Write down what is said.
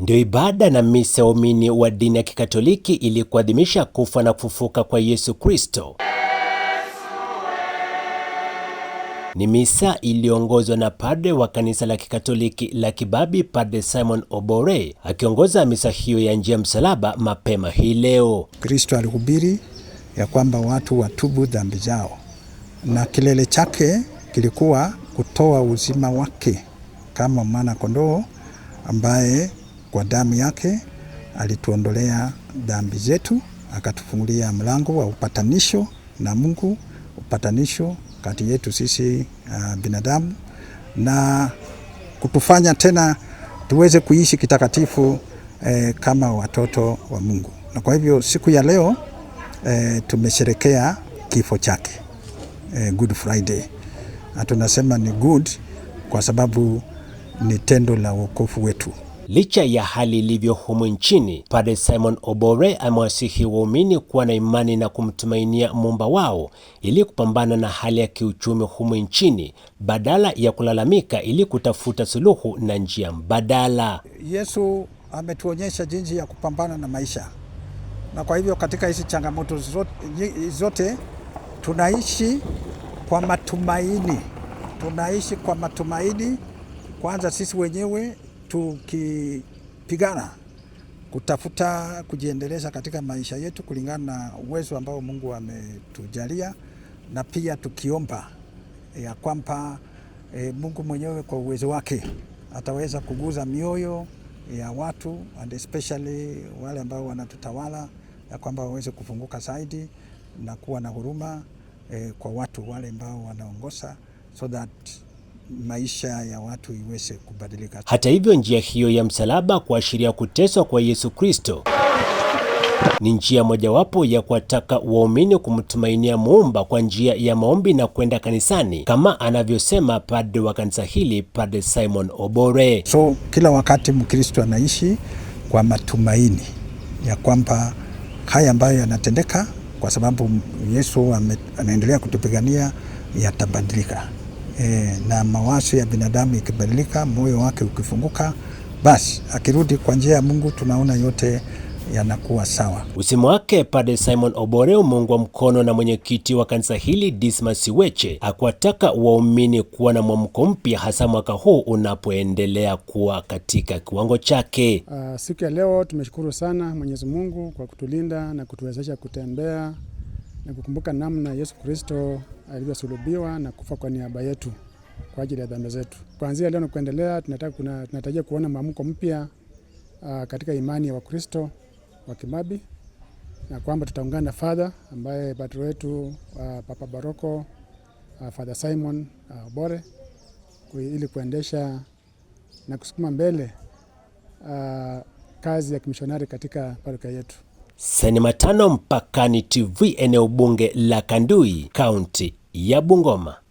Ndio ibada na misa waumini wa dini ya Kikatoliki ili kuadhimisha kufa na kufufuka kwa Yesu Kristo. Ni misa iliyoongozwa na padre wa kanisa la Kikatoliki la Kibabi, Padre Simon Obore, akiongoza misa hiyo ya njia msalaba mapema hii leo. Kristo alihubiri ya kwamba watu watubu dhambi zao, na kilele chake kilikuwa kutoa uzima wake kama mwana kondoo ambaye kwa damu yake alituondolea dhambi zetu, akatufungulia mlango wa upatanisho na Mungu, upatanisho kati yetu sisi uh, binadamu na kutufanya tena tuweze kuishi kitakatifu eh, kama watoto wa Mungu. Na kwa hivyo siku ya leo eh, tumesherekea kifo chake eh, Good Friday, na tunasema ni good kwa sababu ni tendo la wokovu wetu. Licha ya hali ilivyo humu nchini, Padre Simon Obore amewasihi waumini kuwa na imani na kumtumainia muumba wao ili kupambana na hali ya kiuchumi humu nchini badala ya kulalamika ili kutafuta suluhu na njia mbadala. Yesu ametuonyesha jinsi ya kupambana na maisha, na kwa hivyo katika hizi changamoto zote, zote tunaishi kwa matumaini, tunaishi kwa matumaini kwanza sisi wenyewe tukipigana kutafuta kujiendeleza katika maisha yetu kulingana na uwezo ambao Mungu ametujalia, na pia tukiomba ya kwamba e, Mungu mwenyewe kwa uwezo wake ataweza kuguza mioyo ya watu and especially wale ambao wanatutawala, ya kwamba waweze kufunguka zaidi na kuwa na huruma e, kwa watu wale ambao wanaongoza so that maisha ya watu iweze kubadilika. Hata hivyo, njia hiyo ya msalaba kuashiria kuteswa kwa Yesu Kristo ni njia mojawapo ya kuwataka waumini kumtumainia Muumba kwa njia ya maombi na kwenda kanisani, kama anavyosema padre wa kanisa hili, Padre Simon Obore. So kila wakati Mkristo anaishi kwa matumaini ya kwamba haya ambayo yanatendeka, kwa sababu Yesu ame, anaendelea kutupigania, yatabadilika e, na mawazo ya binadamu ikibadilika, moyo wake ukifunguka, basi akirudi kwa njia ya Mungu, tunaona yote yanakuwa sawa. Usemo wake Padre Simon Obore umeungwa mkono na mwenyekiti wa kanisa hili Dismas Weche, akiwataka waumini kuwa na mwamko mpya, hasa mwaka huu unapoendelea kuwa katika kiwango chake. Uh, siku ya leo tumeshukuru sana Mwenyezi Mungu kwa kutulinda na kutuwezesha kutembea na kukumbuka namna Yesu Kristo alivyosulubiwa na kufa kwa niaba yetu kwa ajili ya dhambi zetu. Kuanzia leo na kuendelea, tunatarajia kuona mwamko mpya uh, katika imani ya Wakristo wa Kimabi na kwamba tutaungana na Father ambaye patro wetu uh, Papa Baroko uh, ah, Father Simon uh, Bore ili kuendesha na kusukuma mbele uh, kazi ya kimishonari katika parokia yetu. Seni Mpakani TV, eneo bunge la Kandui, kaunti ya Bungoma.